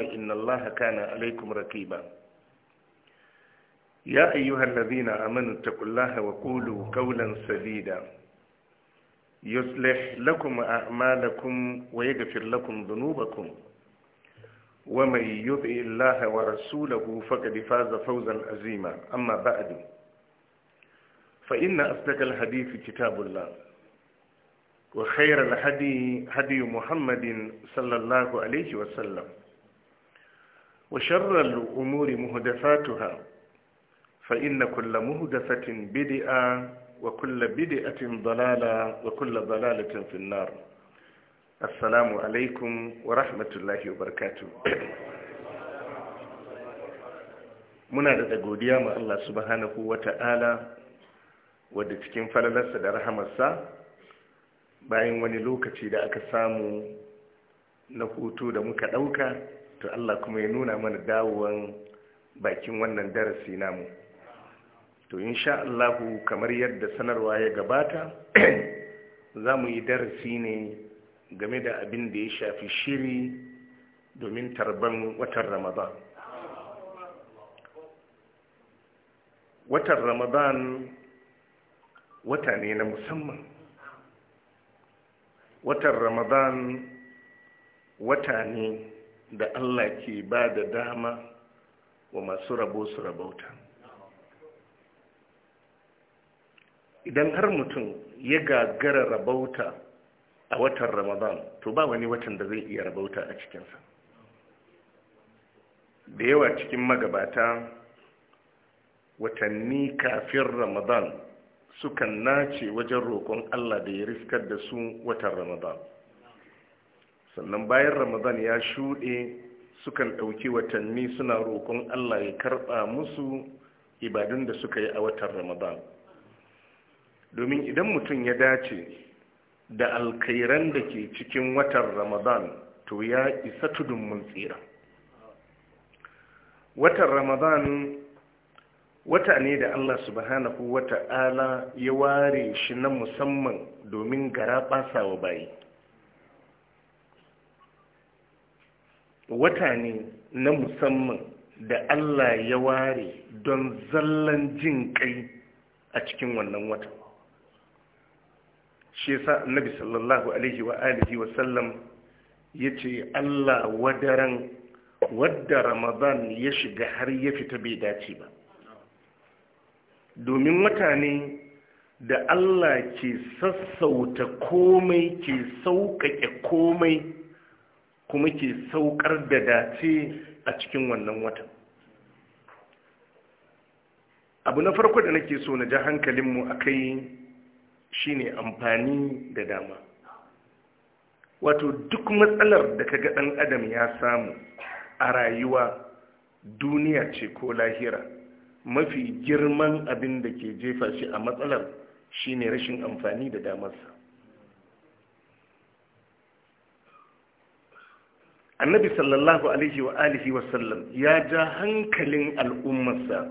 إن الله كان عليكم ركيبا يا أيها الذين آمنوا اتقوا الله وقولوا قولا سديدا يصلح لكم أعمالكم ويغفر لكم ذنوبكم ومن يطع الله ورسوله فقد فاز فوزا عظيما أما بعد فإن أصدق الحديث كتاب الله وخير الحديث حديث محمد صلى الله عليه وسلم وشر الأمور مهدفاتها فإن كل مهدفة بدئة وكل بدئة ضلالة وكل ضلالة في النار السلام عليكم ورحمة الله وبركاته muna da godiya ma Allah subhanahu wa ta'ala wadda cikin falalarsa da rahamarsa bayan wani lokaci da aka samu na hutu da muka ɗauka to Allah kuma ya nuna mana dawowan bakin wannan darasi namu to insha Allah kamar yadda sanarwa ya gabata za mu yi darasi ne game da abin da ya shafi shiri domin tarban watan ramadan watan ramadan wata ne na musamman watan ramadan wata ne da Allah ke ba da dama wa masu rabo su rabauta idan har mutum ya gagara rabauta a watan ramadan to ba wani watan da zai iya rabauta a cikinsa da yawa cikin magabata watanni kafin ramadan sukan nace wajen roƙon Allah da ya riskar da su watan ramadan sannan bayan ramadan ya shuɗe sukan ɗauki watanni suna roƙon allah ya karɓa musu ibadun da suka yi a watan ramadan domin idan mutum ya dace da alkairan da ke cikin watan ramadan to ya isa tudun mun tsira watan ramadan wata ne da allah subhanahu ala ya ware shi na musamman domin gara ɓasa wa bayi wata ne na musamman da Allah ya ware don zallan jin kai a cikin wannan wata shi sa annabi sallallahu alaihi wa alihi wa sallam ya ce, Allah wadaran wadda Ramadan ya shiga har ya fita bai dace ba domin wata da Allah ke sassauta komai ke sauƙaƙe komai kuma ke saukar da dace a cikin wannan watan abu na farko da nake so na ji hankalinmu a kai shine amfani da dama wato duk matsalar da kaga ɗan adam ya samu a rayuwa duniya ce ko lahira mafi girman abin da ke jefa shi a matsalar shine rashin amfani da damarsa annabi sallallahu alaihi wa alihi wasallam ya ja hankalin al'ummarsa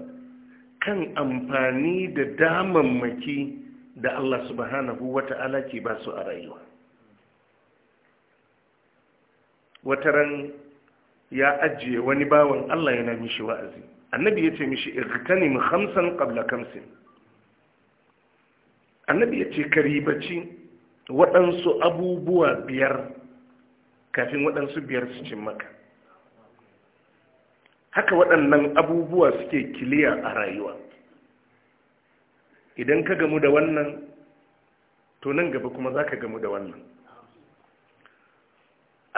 kan amfani da damammaki da Allah subhanahu ta'ala ke ba su a rayuwa wataran ya ajiye wani bawan Allah yana mishi wa'azi annabi ya ce mishi irtanim khamsan qabla kamsin annabi ya ce karibaci waɗansu abubuwa biyar kafin waɗansu biyar su cimmaka, haka waɗannan abubuwa suke kiliya a rayuwa idan ka gamu da wannan to nan gaba kuma za ka gamu da wannan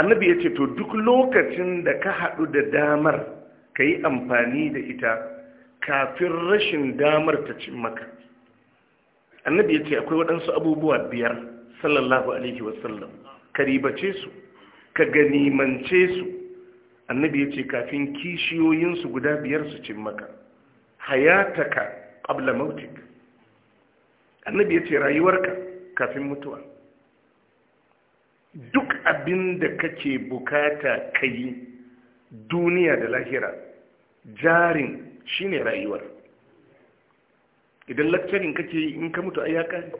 annabi ya ce to duk lokacin da ka haɗu da damar ka yi amfani da ita kafin rashin damar ta cin maka annabi ya ce akwai waɗansu abubuwa biyar sallallahu alaihi wasallam karibace su ka ganimance su annabi ya ce kafin kishiyoyinsu guda biyar su cin maka hayataka qabla mautik annabi ya ce rayuwarka kafin mutuwa duk abin da kake bukata ka yi duniya da lahira jarin shine rayuwar idan lakcarin kake yi in ka mutu ai ya kare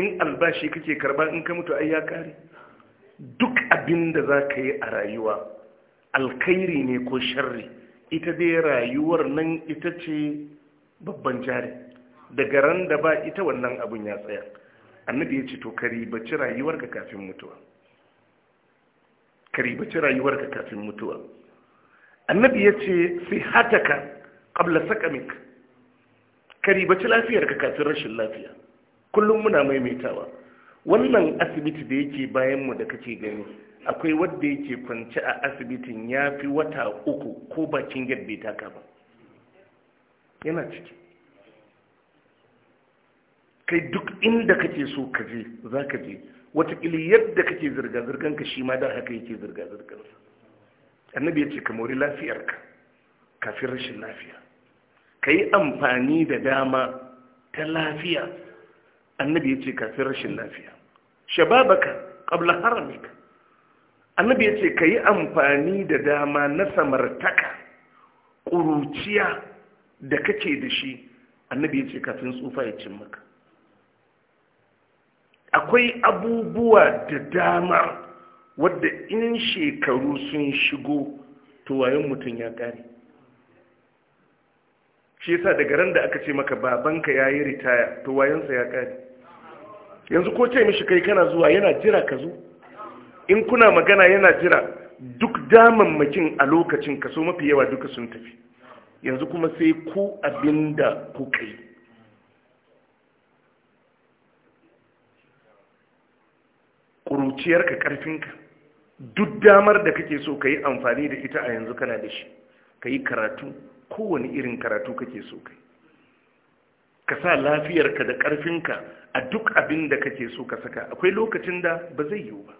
in albashi kake karba in ka mutu ai ya kare duk abin da za ka yi a rayuwa alkhairi ne ko sharri ita dai rayuwar nan ita ce babban jari daga ran da ba ita wannan abin ya tsaya annabi ya ce to karibaci rayuwarka kafin mutuwa karibaci kafin mutuwa annabi ya ce sai hataka ƙabla sakamik karibaci ka kafin rashin lafiya kullum muna maimaitawa wannan asibiti da yake bayanmu da kake gani akwai wadda yake kwance a asibitin ya fi wata uku ko bakin yadda ta taka ba yana ciki kai duk inda kake so ka je za ka je watakili yadda kake zirga ka shi ma da haka yake zirga sa annabi ya ce ka mori lafiyarka kafin rashin lafiya ka yi amfani da dama ta lafiya annabi ya ce kafin rashin lafiya shababaka qabla haramika annabi yace yi amfani da dama na samartaka ƙuruciya da kake da shi annabi yace kafin tsufa ya cin maka akwai abubuwa da dama wadda in shekaru sun shigo to wayan mutum ya kare shi yasa daga ran da aka ce maka babanka yayi ritaya to wayansa ya kare yanzu ko ce mishi kai kana zuwa yana jira ka zo in kuna magana yana jira duk makin a lokacin kaso mafi yawa duka sun tafi yanzu kuma sai ku abinda kai, yi ƙuruciyarka ƙarfinka duk damar da kake so ka yi amfani da ita a yanzu kana da shi ka yi karatu kowane irin karatu kake so kai. ka sa lafiyarka da ƙarfinka a duk abin da kake so ka saka akwai lokacin da ba zai yiwu ba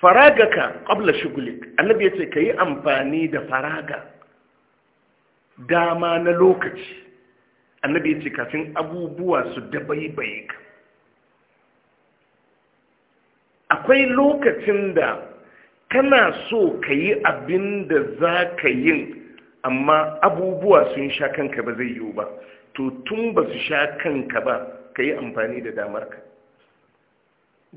faragaka ƙabla shugulik annabi ya ce ka yi amfani da faraga dama na lokaci annabi ya ce kafin abubuwa su dabaibaye ka akwai lokacin da kana so ka yi abin da za ka yin amma abubuwa sun sha kanka ba zai yiwu ba to tun ba su sha kanka ba ka yi amfani da damar ka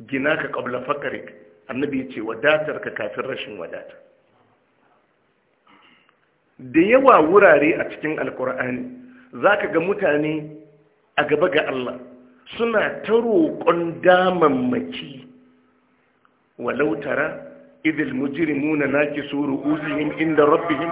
gina ka ƙabla fakarik annabi ya ce wadatar ka kafin rashin wadata da yawa wurare a cikin alkur'ani za ka ga mutane a gaba ga Allah suna ta roƙon damammaki walautara idil mujrimuna so ru'usihim inda rabbihim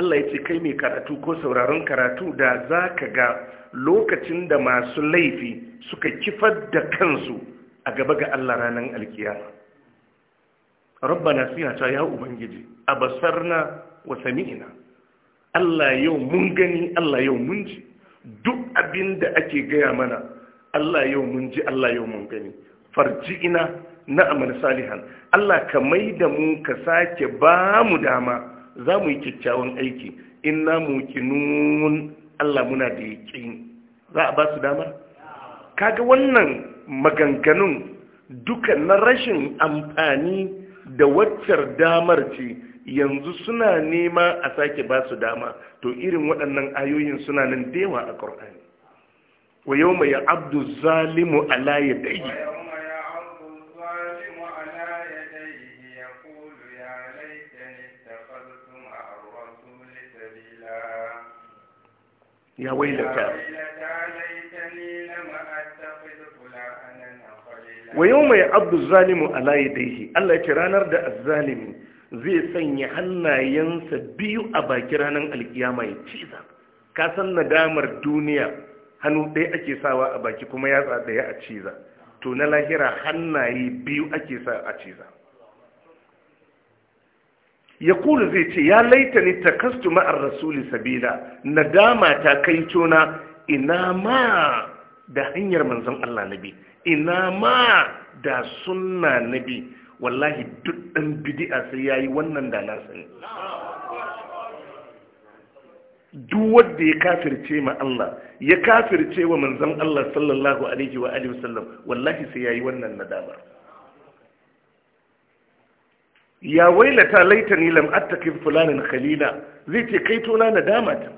Allah ya ce kai mai karatu ko sauraron karatu da za ka ga lokacin da masu laifi suka kifar da kansu a gaba ga Allah ranar alkiyama rabbana suna ta ya ubangiji a na wa sami'ina Allah yau mun gani Allah yau mun ji duk abin da ake gaya mana Allah yau mun ji Allah yau mun gani ina na amal salihan Allah ka mai da mu ka sake ba mu dama za mu yi kyakkyawan aiki inna muqinun Allah muna da yaqin za a ba su dama kaga wannan maganganun duka na rashin amfani da waccar damar ce yanzu suna nema a sake ba su dama to irin waɗannan ayoyin suna nan da a ƙor'ani wa yau mai abdu zalimu ala ya dayi ya ويلك wa yau mai abu zalimu ala yadaihi Allah ya ce ranar da azzalimi zai sanya hannayensa biyu a baki ranar alkiyama ya ciza ka san nadamar duniya hannu ɗaya ake sawa a baki kuma yatsa ɗaya a ciza to na lahira hannaye biyu ake sa a ciza ya kula zai ce ya laita ni ta kastu ma'ar rasuli sabila nadama ta kai tona ina ma da hanyar manzon Allah nabi ina ma da sunna nabi wallahi duk ɗan bidi'a sai yi wannan da na sani duk wanda ya kafirce ma Allah ya kafirce wa manzon Allah sallallahu alaihi wa alihi wasallam wallahi sai ya yi wannan nadama ya wailata laitani lam attakif fulanin khalila zai ce kai tona nadama ta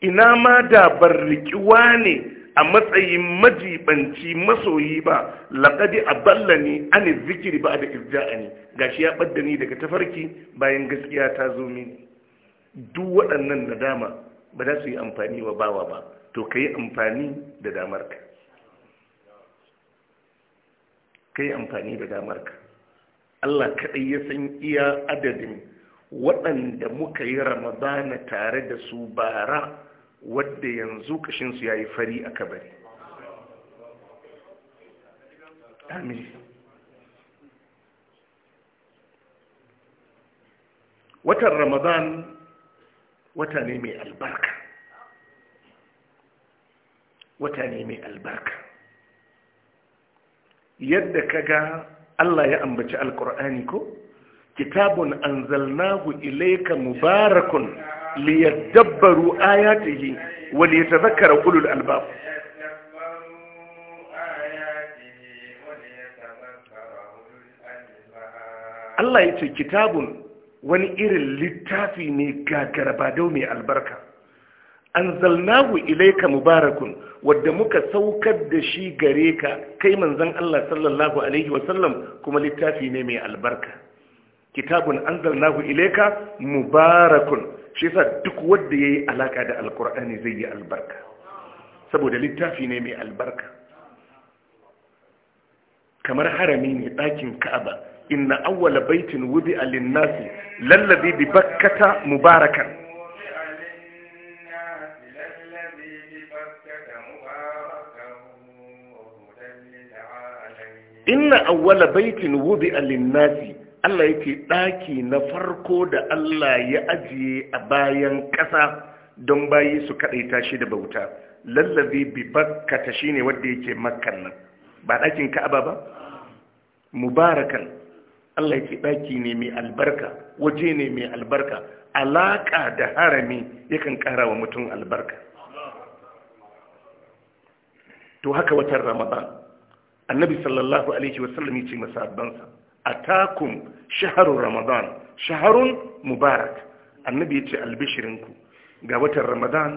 ina ma da barrikiwa ne a matsayin majibanci masoyi ba laƙadi a ballani ani zikiri ba da irja'ani gashi ya ɓadda ni daga tafarki bayan gaskiya ta zo mini duk waɗannan nadama ba za su yi amfani wa bawa ba to ka yi amfani da damar ka Allah kaɗai ya san iya adadin waɗanda muka yi ramadana tare da su bara wadda yanzu kashinsu ya yi fari a kabari amin watan ramadan wata ne mai albarka wata ne mai albarka yadda ka ga Allah ya ambaci alkur'ani ko kitabun anzalnahu ilayka mubarakun liyadabbaru ayatihi wa liyatadhakkara ulul albab Allah ya ce kitabun wani irin littafi ne dau mai albarka anzalnahu ilayka mubarakun wadda muka saukar da shi gare ka kai manzon Allah sallallahu alaihi wasallam kuma littafi ne mai albarka kitabun anzalnahu Ileka mubarakun shi sa duk wanda yi alaka da Alƙur'ani zai yi albarka saboda littafi ne mai albarka kamar harami ne ɗakin ka'aba inna awwala baitin wudi'a a nasi lallabi bi bakkata mubarakan inna awwala baitin wudi'a lin-nasi Allah yake daki na farko da Allah ya ajiye a bayan ƙasa don bayi su kadaita shi da bauta lallabi bi bakkata shine wanda yake makkan nan ba dakin Ka'aba ba mubarakan Allah yake daki ne mai albarka waje ne mai albarka alaka da harami yakan wa mutum albarka to haka watan Ramadan annabi sallallahu alaihi wasallam ya ce masabbansa atakum shaharu ramadan shaharun mubarak annabi ya ce albishirinku ga watan ramadan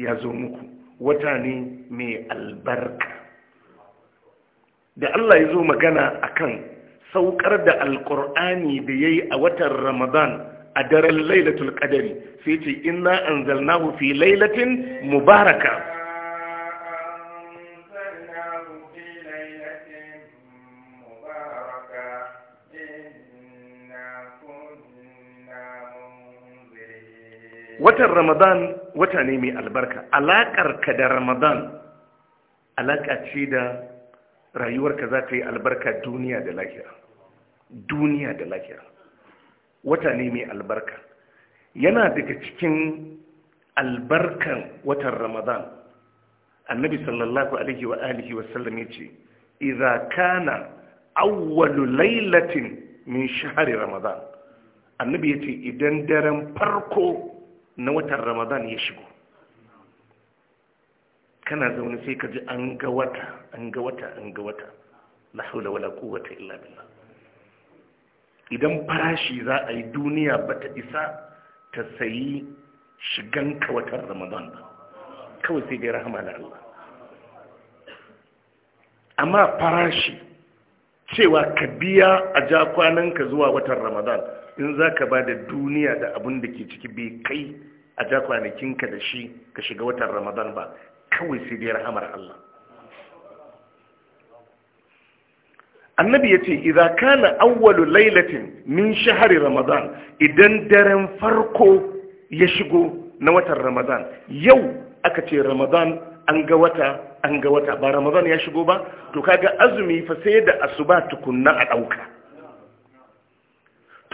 ya zo muku wata ne mai albarka da Allah ya zo magana akan saukar da alkur'ani da ya yi a watan ramadan a daren lailatul kadari sai ce inna anzalnahu fi lailatin mubaraka watan ramadan wata ne mai albarka ka da ramadan alaƙa ce da rayuwarka za ta yi albarka duniya da lahira duniya da lahira wata ne mai albarka yana daga cikin albarkan watan ramadan annabi sallallahu alaihi wa alihi wasallam ya ce idza kana awwalu lailatin min shahri ramadan annabi ya ce idan daren farko na watan ramadan ya shigo kana zaune sai ka ji an ga wata an ga wata an ga wata la haula wala quwwata illa billah idan farashi za a yi duniya bata isa ta sayi shigan ka watan ramadan ba kawai sai dai rahama na Allah amma farashi cewa ka biya a ja kwananka zuwa watan ramadan in za ka ba da duniya da abin da ke ciki bai kai a ja kwanakinka da shi ka shiga watan ramadan ba kawai sai dai rahamar Allah annabi ya ce idan kana awwalu lailatin min shahari ramadan idan daren farko ya shigo na watan ramadan yau aka ce ramadan an ga wata an ga wata ba ramadan ya shigo ba to kaga azumi fa sai da asuba tukunna a ɗauka.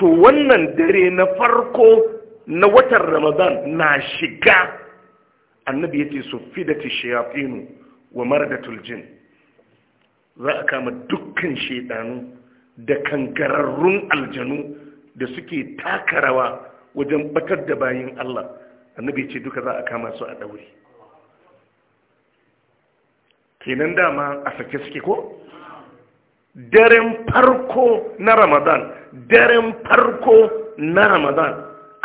to wannan dare na farko na watan ramadan na shiga annabi ya ce su fidati shayafinu wa maradatul jin za a kama dukkan shaidanu da kankararrun aljanu da suke takarawa wajen batar da bayin Allah annabi ce duka za a kama su a ɗauri kenan dama a sake suke ko daren farko na ramadan daren farko na ramadan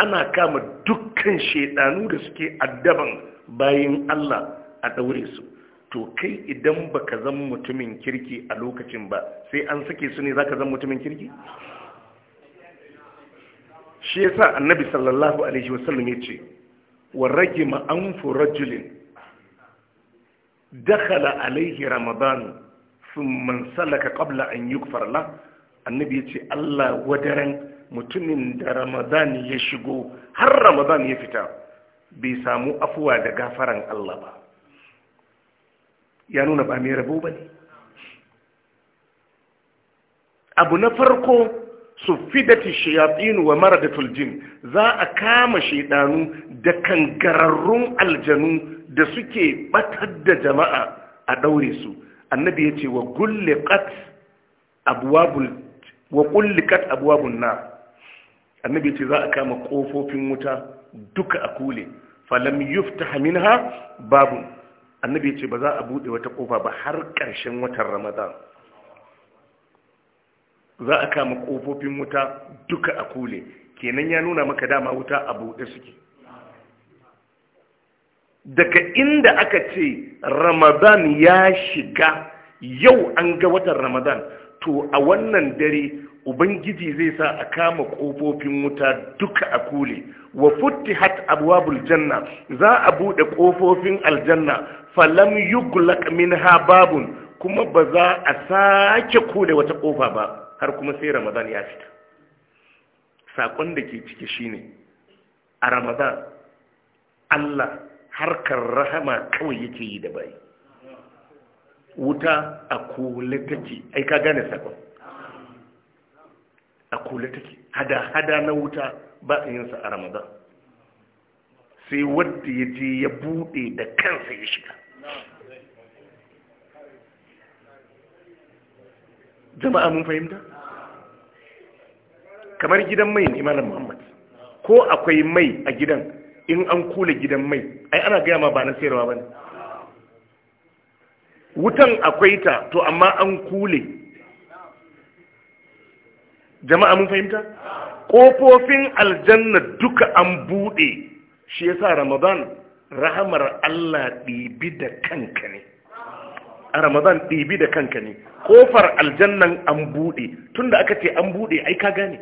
ana kama dukkan shaidanu da suke addaban bayan allah a daure su to kai idan baka zan mutumin kirki a lokacin ba sai an sake su ne za ka zan mutumin kirki shi ya sa annabi sallallahu alaihi wasallam ce, wa rage anfu rajulin dakhala alaihi ramadan sun salaka ƙabla an yi lahu annabi ya ce Allah wadaren mutumin da ramadan ya shigo har ramadan ya fita bai samu afuwa da gafaran Allah ba ya nuna ba mai rabo ba ne abu na farko su fidati shayatinu wa maradatul jin za a kama shaidanu da kangararrun aljanu da suke batar da jama'a a daure su annabi ya ce wa gulle kat abuwabul wa kullikat abwabun nar annabi ce za a kama kofofin wuta duka a kule falam yuftaha minha babu annabi ce ba za a bude wata kofa ba har ƙarshen watan ramadan za a kama kofofin wuta duka a kule kenan ya nuna maka dama wuta a bude suke daga inda aka ce ramadan ya shiga yau an ga watan ramadan to a wannan dare ubangiji zai sa a kama kofofin wuta duka a kule wa futtihat abwabul janna za a buɗe kofofin aljanna falam yuglaq minha babun kuma ba za a sake kule wata kofa ba har kuma sai ramadan ya fita sakon da ke ciki shine a ramadan Allah harkar rahama kawai yake yi da bai wuta a kula take ai ka gane sako a kula take hada-hada na wuta ba a yinsa a ramadan sai wadda ya je ya bude da kansa ya shiga jama'a mun fahimta kamar gidan mai ne imanin muhammad ko akwai mai a gidan in an kula gidan mai ai ana gaya ma ba na sayarwa ba ne wutan akwai ta to amma an kule jama'a mun fahimta ƙofofin aljanna duka an buɗe shi yasa ramadan rahamar Allah ɗibi da kanka ne a ramadan ɗibi da kanka ne ƙofar aljannan an buɗe tunda aka ce an buɗe ai ka gane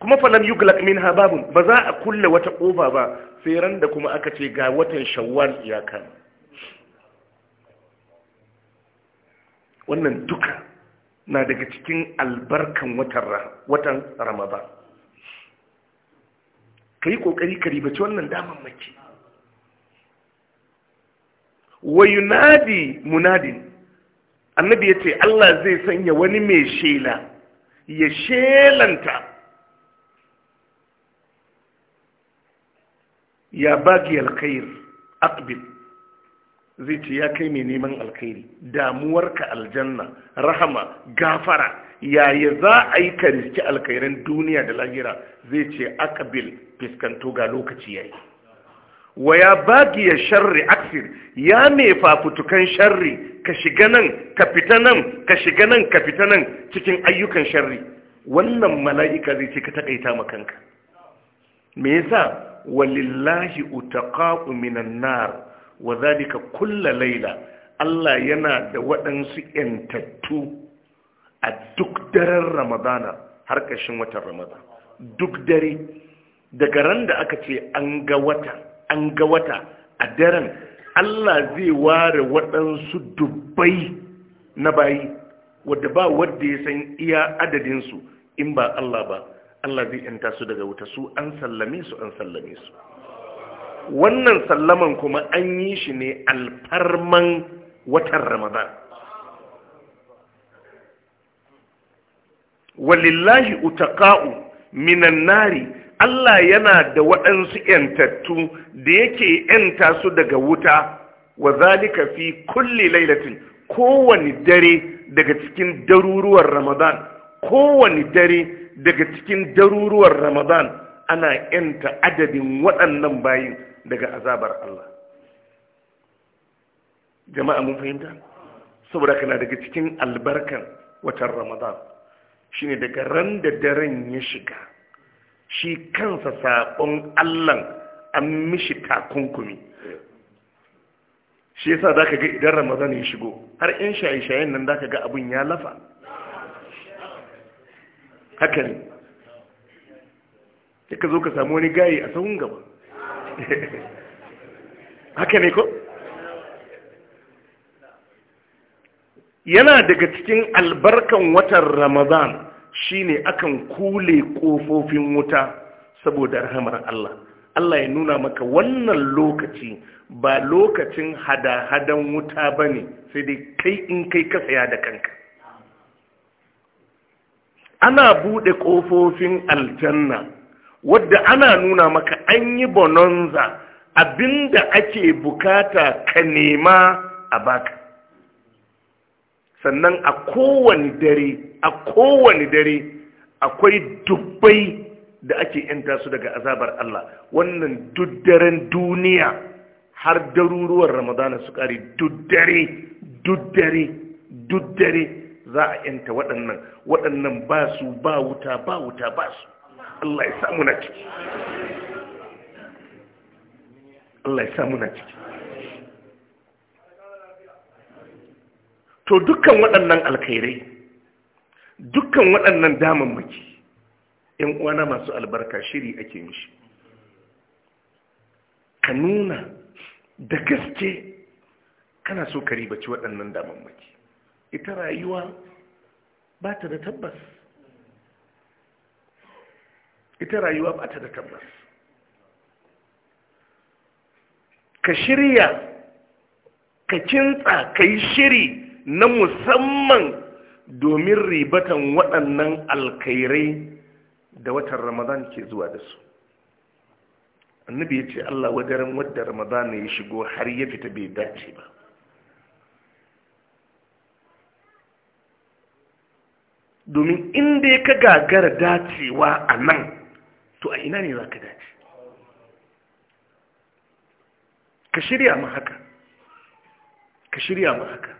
kuma falam yuglak min hababun ba za a kulle wata ƙofa ba sai ran da kuma aka ce ga watan shawwal ya kama wannan duka na daga cikin albarkan watan ramadan ka yi ƙoƙari ka ribaci wannan damammaki wa yunadi munadin annabi ya ce allah zai sanya wani mai shela ya shelanta ya bagi alkhair aqbil zai ce ya kai mai neman alkhairi ka, aljanna rahama gafara yaya za a yi ka riski alkhairin duniya da lahira zai ce akabil fiskanto ga lokaci yayi wa ya bagi ya sharri aksir ya me fafutukan sharri ka shiga nan ka fita nan ka shiga nan ka fita nan cikin ayyukan sharri wannan mala'ika zai ce ka takaita ma kanka me yasa walillahi utaqa'u minan nar wa zalika kulla laila Allah yana da waɗansu ‘yantattu a duk daren Ramadana har ƙashin watan Ramadana. Duk dare, daga ran da aka ce an ga wata, an ga wata a daren, Allah zai ware waɗansu dubbai na bayi, wadda ba wadda ya san iya adadinsu in ba Allah ba, Allah zai ‘yanta su daga wuta su an sallame su an sallame su. wannan sallaman kuma an yi shi ne alfarman watan ramadan walillahi utaqa'u minan nari Allah yana da waɗansu ‘yantattu da yake ‘yanta su daga wuta wa zalika fi kulli lailatin Kowani dare daga cikin daruruwar ramadan Kowani dare daga cikin daruruwar ramadan ana ‘yanta adadin waɗannan bayin daga azabar Allah jama'a mun fahimta saboda kana daga cikin albarkan watan ramadan Shin daga ran da daren ya shiga shi kansa saƙon Allah an mishi takunkumi shi yasa ka ga idan ramadan ya shigo har in shaye-shayen nan za ka ga abin ya lafa haka ne ka zo ka samu wani gayi a tsawon gaba haka ne ko yana daga cikin albarkan watan ramadan shine akan kule kofofin wuta saboda rahamar Allah Allah ya nuna maka wannan lokaci ba lokacin hada-hadan wuta ba ne sai dai kai in kai ka saya da kanka ana buɗe kofofin aljanna wadda ana nuna maka an yi bononza abinda ake bukata ka nema a baka sannan a kowane dare a kowane dare akwai dubbai da ake yanta su daga azabar Allah wannan duddaren duniya har daruruwan ramadana su kare duddare-duddare-duddare, za a yanta waɗannan waɗannan ba su ba wuta ba wuta ba su Allah ya samu na ciki Allah ya samu na ciki to dukkan waɗannan alkhairai dukkan waɗannan damammaki ‘yan uwana masu albarka shiri ake mishi ka nuna da gaske kana so ka ribaci waɗannan damammaki ita rayuwa ba ta da tabbas ita rayuwa ba ta da tabbas ka shirya ka kintsa ka yi shiri na musamman domin ribatan waɗannan alkairai da watan ramadan ke zuwa da su annabi ya ce allah wadarin wadda ramadan ya shigo har ya fita bai dace ba domin inda ya ka gagara dacewa a nan to a ina ne za ka dace ka shirya ma haka ka shirya ma haka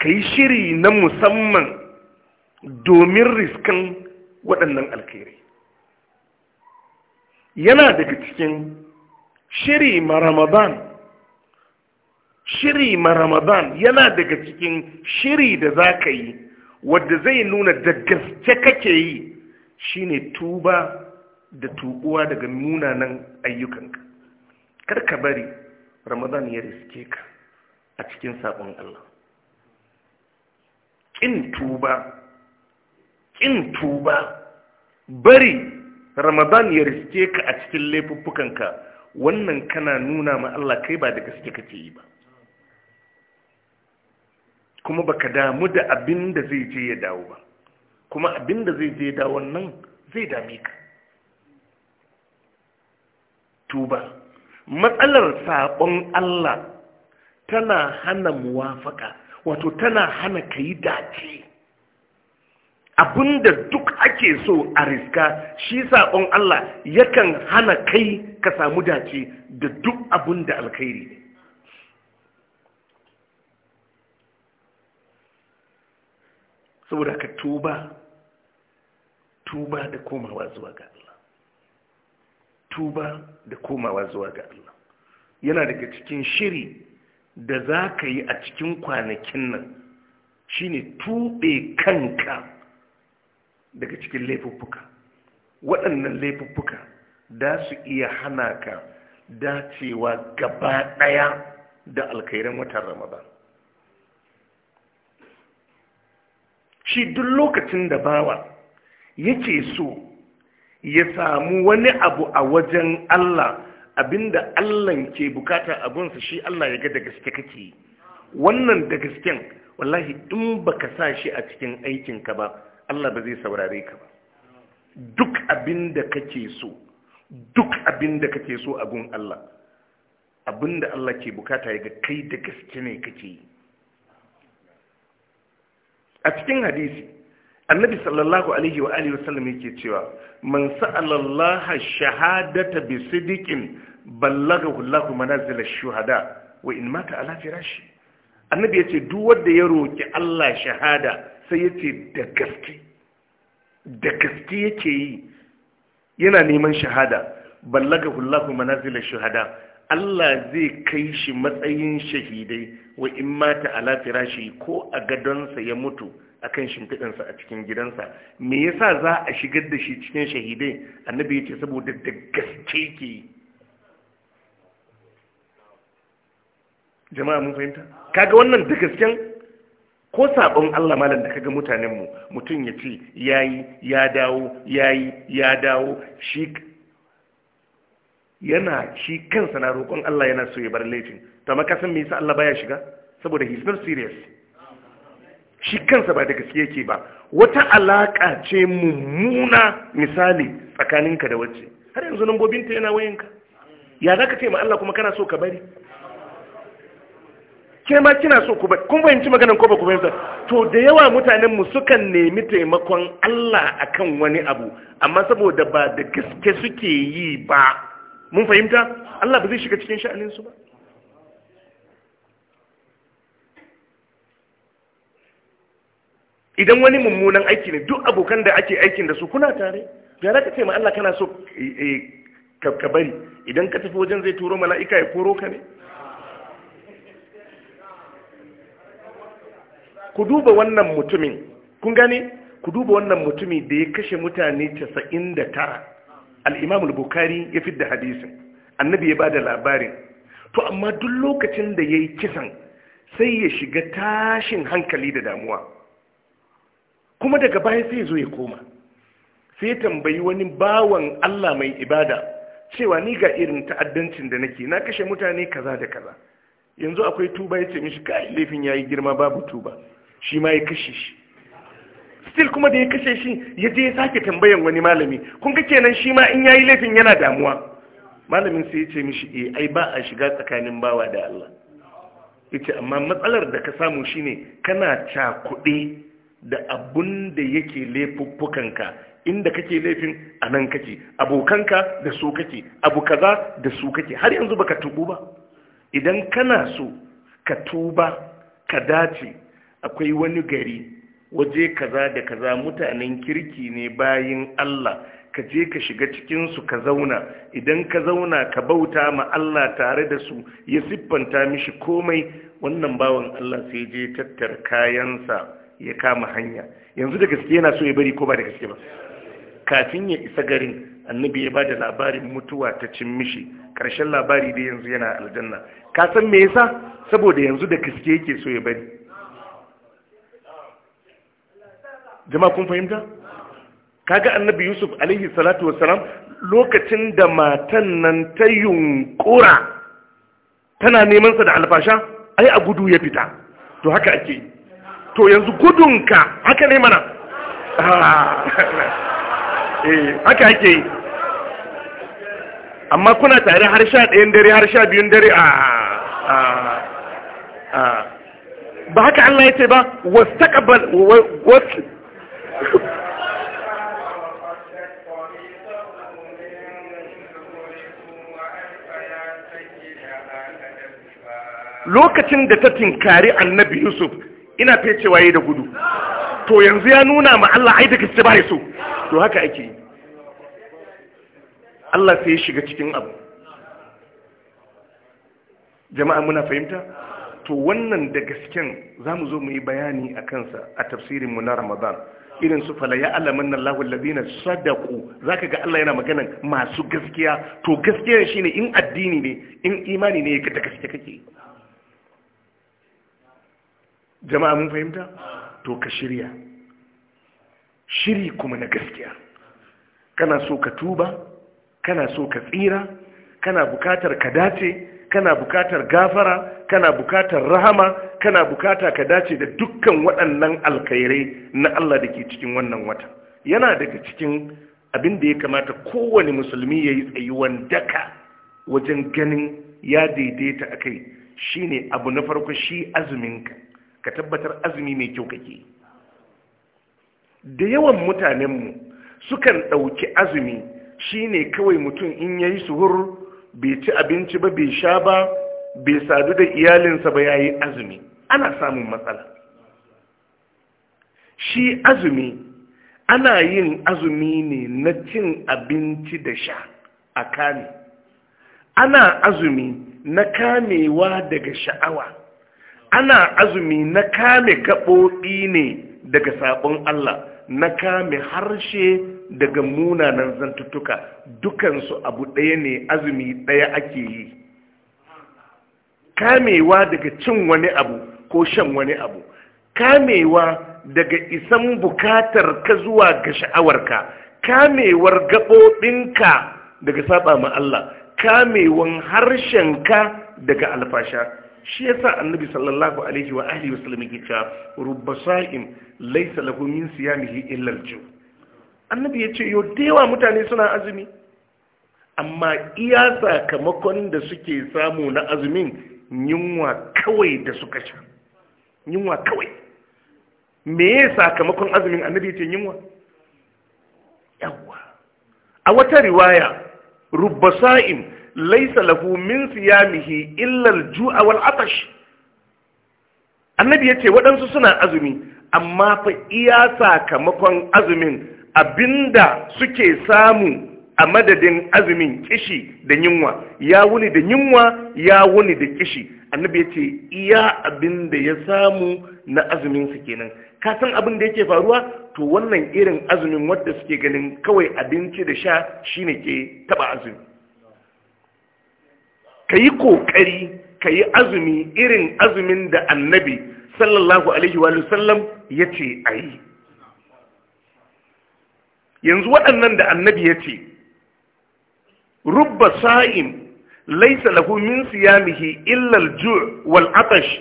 ka yi shiri na musamman domin riskan waɗannan alkhairi yana daga cikin shiri ma ramadan shiri ma ramadan yana daga cikin shiri da za ka yi wadda zai nuna da gaske kake yi Shi ne tuba da tubuwa daga munanan ayyukanka kar ka bari ramadan ya riske ka a cikin sabon Allah kin tuba kin tuba bari ramadan ya riske ka a cikin laifuffukanka wannan kana nuna ma Allah kai ba da gaske kake yi ba kuma baka damu da abin da zai je ya dawo ba kuma abinda zai je da wannan zai dame ka tuba matsalar saƙon Allah tana hana muwafaka wato tana hana ka yi dace abinda duk ake so a riska shi saƙon Allah yakan hana kai ka samu dace da duk abinda alkhairi ne saboda ka tuba tuba da komawa zuwa ga Allah tuba da komawa zuwa ga Allah yana daga cikin shiri da za ka yi a cikin kwanakin nan shine tube kanka daga cikin laifuffuka waɗannan laifuffuka da su iya hana ka dacewa gaba ɗaya da alkairin watan ramadan shi duk lokacin da bawa yake so ya samu wani abu a wajen Allah abinda Allah ke bukata abunsa shi Allah ya ga da gaske kake wannan da gasken wallahi in baka sa shi a cikin aikin ka ba Allah ba zai saurare ka ba duk abinda kake so duk abinda kake so abun Allah abinda Allah ke bukata ya ga kai da gaske ne kake a cikin hadisi annabi sallallahu alaihi wa alihi wasallam yake cewa man sa'alallaha shahadata bi sidiqin ballaghahu Allahu manazil ash-shuhada wa in mata ala firashi annabi yace duk wanda ya roki Allah shahada sai yace da gaske da gaske yake yi yana neman shahada ballaghahu Allahu manazil ash-shuhada Allah zai kai shi matsayin shahidai wa in mata ala firashi ko a gadonsa ya mutu a kan shimfiɗansa a cikin gidansa me yasa za a shigar da shi cikin shahidai annabi ya ce saboda da gaske ke jama'a mun fahimta kaga wannan da gasken ko sabon Allah malam da kaga mutanenmu mutum ya ce yayi ya dawo yayi ya dawo shi yana shi kansa na roƙon Allah yana so ya bar laifin to amma me yasa Allah baya shiga saboda he's not serious shi kansa ba da gaske yake ba wata alaka ce mummuna misali tsakaninka da wacce har yanzu gobinta yana wayanka ya za ka ce ma Allah kuma kana so ka bari ke ma kina so ku bari? kun fahimci maganan ko ba ku fahimta to da yawa mutanen mu sukan nemi taimakon Allah akan wani abu amma saboda ba da gaske suke yi ba mun fahimta Allah ba zai shiga cikin sha'anin su ba idan wani mummunan aiki ne duk abokan da ake aikin da su kuna tare da ka ce ma Allah kana so eh, eh, ka bari idan ka tafi wajen zai turo mala'ika ya koro ka ne ku duba wannan mutumin kun gane ku duba wannan mutumin da ya kashe mutane 99 da imam al-bukhari ya fi da hadisin annabi ya ba da labarin to amma duk lokacin da ya yi kisan sai ya shiga tashin hankali da damuwa kuma daga baya sai zo ya koma sai tambayi wani bawan Allah mai ibada cewa ni ga irin ta'addancin da nake na kashe mutane kaza da kaza yanzu akwai tuba ya ce mishi kai laifin yayi girma babu tuba shi ma ya kashe shi still kuma da ya kashe shi ya je ya sake tambayan wani malami kun ga kenan shi ma in yayi laifin yana damuwa malamin sai ya ce mishi eh ai ba a shiga tsakanin bawa da Allah yace amma matsalar da ka samu shine kana kuɗi. da abun da yake laifuffukanka inda kake laifin a nan kake abokanka da su kake abu kaza da su kake har yanzu baka tubu ba idan kana so ka tuba ka dace akwai wani gari waje kaza da kaza mutanen kirki ne bayin Allah ka je ka shiga cikin su ka zauna idan ka zauna ka bauta ma Allah tare da su ya siffanta mishi komai wannan bawan Allah sai je tattar kayansa ya kama hanya yanzu da gaske yana so ya bari ko ba da gaske ba kafin ya isa garin annabi ya bada labarin mutuwa ta cin mishi ƙarshen labari da yanzu yana aljanna ka san me yasa saboda yanzu da gaske yake so ya bari jama'a kun fahimta kaga annabi yusuf alaihi salatu wassalam lokacin da matan nan ta yunkura tana neman sa da alfasha ai a gudu ya fita to haka ake yi to yanzu gudunka haka ne mana ah. eh, haka ake yi amma kuna tare har sha ɗayan dare har sha biyun dare a ah, ah, ba haka Allah ya ce ba wasu taƙabal wasu lokacin da ta tinkari annabi yusuf ina fecewa yi da gudu to yanzu ya nuna ma Allah ai da gaske ba so to haka ake Allah sai ya shiga cikin abu jama'a muna fahimta to wannan da gasken zamu zo mu yi bayani a kansa a tafsirin mu na Ramadan irin su fala ya alamin nan lahul ladina sadaku zaka ga Allah yana magana masu gaskiya to gaskiyar shine in addini ne in imani ne ka da gaske kake jama'a mun fahimta to ka shirya shiri kuma na gaskiya kana so ka tuba kana so ka tsira kana bukatar ka dace kana bukatar gafara kana bukatar rahama kana bukata ka dace da dukkan waɗannan alkhairai na Allah da ke cikin wannan wata yana daga cikin abin da ya kamata kowane musulmi ya yi tsayuwan daka wajen ganin ya daidaita a kai shi ne abu na farko shi azuminka ka tabbatar azumi mai kyau kake da yawan mutanenmu sukan ɗauki azumi shine kawai mutum in ya yi suhur bai ci abinci ba bai sha ba bai sadu da iyalinsa ba ya yi azumi ana samun matsala shi azumi ana yin azumi ne na cin abinci da sha a kame ana azumi na kamewa daga sha'awa ana azumi na kame gaɓoɓi ne daga saɓon Allah na kame harshe daga munanan zantuttuka dukansu abu ɗaya ne azumi ɗaya ake yi kamewa daga cin wani abu ko shan wani abu kamewa daga isan bukatar ka zuwa ga sha'awarka kamewar gaɓoɓinka daga saɓa ma Allah kamewan harshenka daga alfasha shi ya sa annabi sallallahu alaihi wa alihi wasallam yake cewa rubba sa'im laysa lahu min siyamihi illa al-ju annabi yace yo dewa mutane suna azumi amma iya sakamakon da suke samu na azumin yunwa kawai da suka sha yunwa kawai me ya sakamakon azumin annabi yace yunwa Yawa. a wata riwaya rubba sa'im laisa lahu min siyamihi illa al-ju'a wal atash annabi yace waɗansu suna azumi amma fa iya sakamakon azumin abinda suke samu a madadin azumin kishi da yunwa ya wuni da yunwa ya wuni da kishi annabi yace iya abinda ya samu na azumin su kenan ka san abin da yake faruwa to wannan irin azumin wanda suke ganin kawai abinci da sha shine ke taba azumi ka yi ƙoƙari ka yi azumi irin azumin da annabi sallallahu alaihi wa sallam ya ce a yi yanzu waɗannan da annabi ya ce rubba sa'im laisa lahu min siyamihi illal ju' wal atash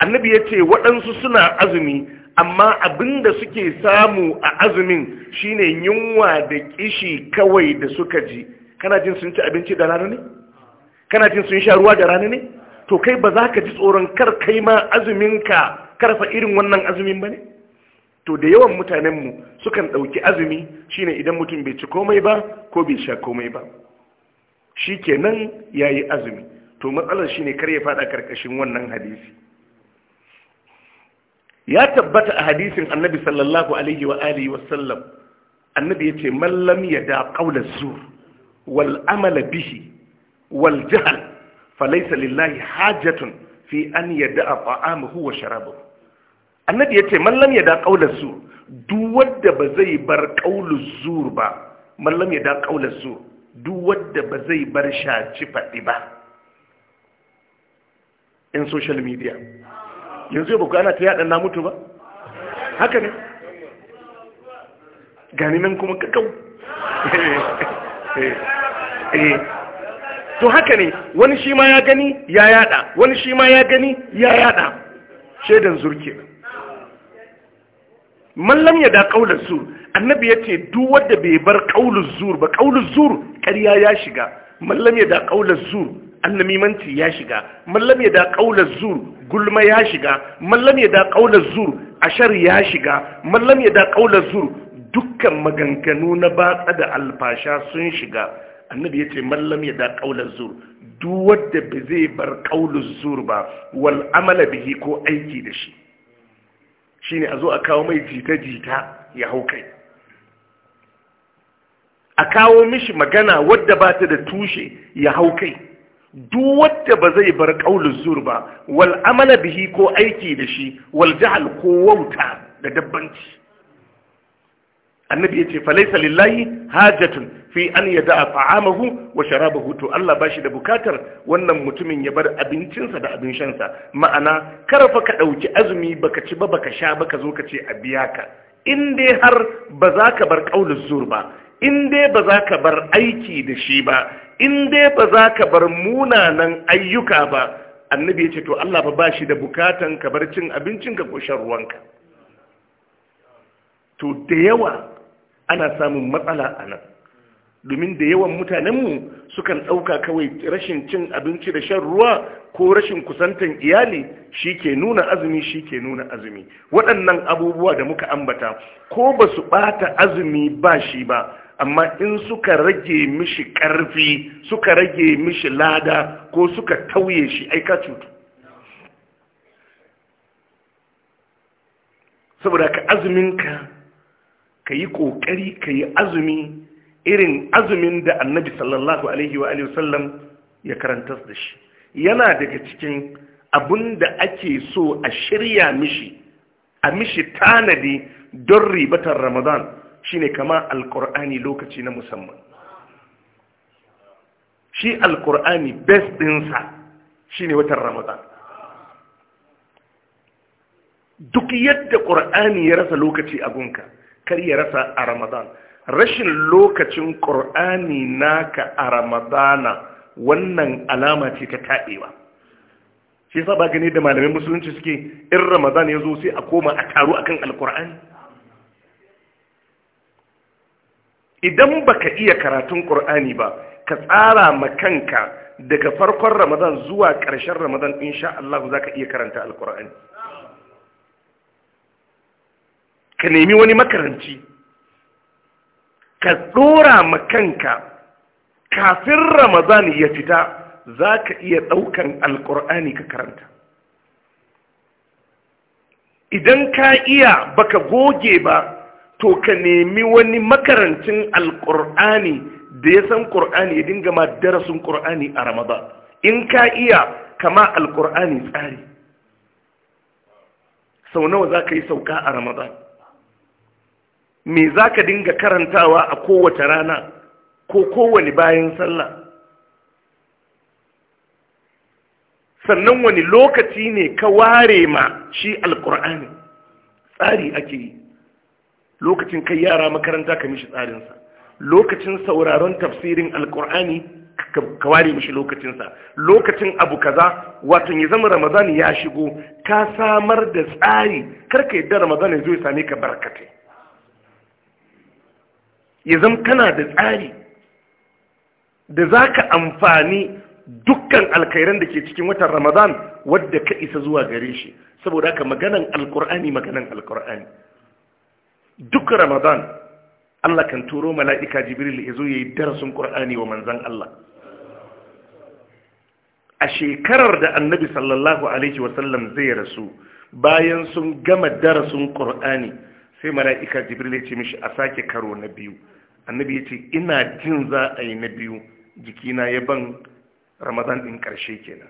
annabi ya ce waɗansu suna azumi amma abin da suke samu a azumin shine yunwa da kishi kawai da suka ji kana jin sun ci abinci da rana ne? kana jin sun sha ruwa da rana ne to kai ba za ka ji tsoron kar kai ma azumin ka karfa irin wannan azumin ba ne to da yawan mutanenmu sukan ɗauki azumi shine idan mutum bai ci komai ba ko bai sha komai ba shi kenan ya yi azumi to matsalar shi ne kar ya faɗa ƙarƙashin wannan hadisi ya tabbata a hadisin annabi sallallahu alaihi wa alihi wa sallam annabi yace man lam yada qawla zur wal amala bihi wal jahal falaisa lillahi hajatun fi an a ta'amahu wa sharabahu annabi yace man lam yada qawla zur duk wanda ba zai bar qawlu zur ba man lam yada qawla zur duk wanda ba zai bar shaci fadi ba in social media yanzu ba ku ana ta yada na mutu ba haka ne gani nan kuma kakau eh eh, eh. to haka ne wani shi ma ya gani ya yada wani shi ma ya gani ya yada shaidan zurke mallam ya da kaular zur annabi ya ce duk wanda bai bar kaular zur ba kaular zur ƙarya ya shiga mallam ya da kaular zur annamimanci ya shiga mallam ya da kaular zur gulma ya shiga mallam ya da kaular zur ashar ya shiga mallam ya da kaular zur dukkan maganganu na batsa da alfasha sun shiga annabi ya ce mallam ya da ƙaular zur duk wadda ba zai bar ƙaular zur ba wal amala bihi ko aiki da shi shine a zo a kawo mai jita-jita ya hau kai a kawo mishi magana wadda ba ta da tushe ya hau kai duk wadda ba zai bar ƙaular zur ba wal amala bihi ko aiki da shi wal jahal ko wauta da dabbanci annabi ya ce falaisa lillahi hajatun fi an ya yada ta'amahu wa sharabahu to Allah bashi da bukatar wannan mutumin ya bar abincinsa da abin shansa ma'ana kar fa ka dauki azumi baka ci ba baka sha baka zo ka ce a biya ka in dai har ba za ka bar kaulul zur ba in dai ba za ka bar aiki da shi ba in dai ba za ka bar munanan ayyuka ba annabi ya ce to Allah ba bashi da bukatan ka bar cin abincinka ko shan ruwanka to da yawa ana samun matsala a nan domin da yawan mutanenmu sukan ɗauka kawai rashin cin abinci da shan ruwa ko rashin kusantan iyali shi ke nuna azumi shi ke nuna azumi waɗannan abubuwa da muka ambata ko ba su ɓata azumi ba shi ba amma in suka rage mishi ƙarfi suka rage mishi lada ko suka tauye shi aika cutu saboda ka azuminka ka yi ƙoƙari ka yi azumi irin azumin da annabi sallallahu alaihi wa sallam ya karanta da shi yana daga cikin abun da ake so a shirya mishi a mishi tanadi don ribatar ramadan shine kama alkur'ani lokaci na musamman shi alkur'ani best dinsa shine watan ramadan duk yadda ƙur'ani ya rasa lokaci a gunka kar ya rasa a ramadan rashin lokacin ƙur'ani naka a ramadana wannan alama ce ta taɓewa shi yasa ba gani da malamin musulunci suke in Ramadana ya zo sai a koma a taru akan alkur'ani idan baka iya karatun qur'ani ba ka tsara ma kanka daga farkon ramadan zuwa ƙarshen ramadan insha Allah za ka iya karanta alkur'ani ka nemi wani makaranci ka ɗora ma kanka kafin ramadan ya fita za ka iya ɗaukan alƙur'ani ka karanta idan ka iya baka goge ba to ka nemi wani makarancin alƙur'ani da ya san ƙur'ani ya dinga ma darasin ƙur'ani a ramadan in ka iya kama alƙur'ani tsari sau nawa za ka yi sauka a ramadan me za ka dinga karantawa a kowace rana ko kowane bayan sallah sannan wani lokaci ne ka ware ma shi alkur'ani tsari ake yi lokacin kai yara makaranta ka mishi tsarinsa lokacin sauraron tafsirin alkur'ani ka ware mishi lokacinsa lokacin abu kaza wato ya zama ramazani ya shigo ka samar da tsari karka yadda zo ya same ka barkatai ya zama kana da tsari da za ka amfani dukkan alkhairan da ke cikin watan ramadan wadda ka isa zuwa gare shi saboda haka maganan alkur'ani maganan alkur'ani duk ramadan allah kan turo mala'ika jibril ya zo ya yi darasin ƙur'ani wa manzan allah a shekarar da annabi sallallahu alaihi wasallam zai rasu bayan sun gama darasin ƙur'ani sai mala'ika jibril ya ce mishi a sake karo na biyu annabi ya ce ina jin za a yi na biyu jikina ya ban ramadan din karshe kenan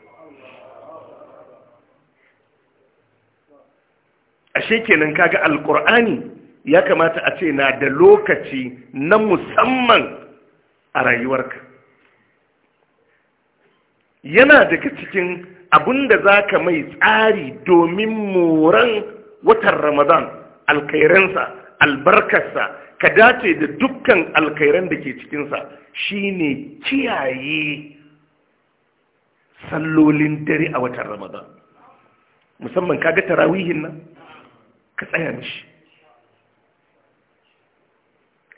ashe kenan kaga alkur'ani ya kamata a ce na da lokaci na musamman a rayuwarka yana daga cikin abinda za ka mai tsari domin moran watan ramadan alkhairansa albarkarsa ka dace da dukkan alkhairan da ke cikinsa shine kiyaye sallolin dare a watan ramadan musamman kaga tarawihin nan ka tsaya mishi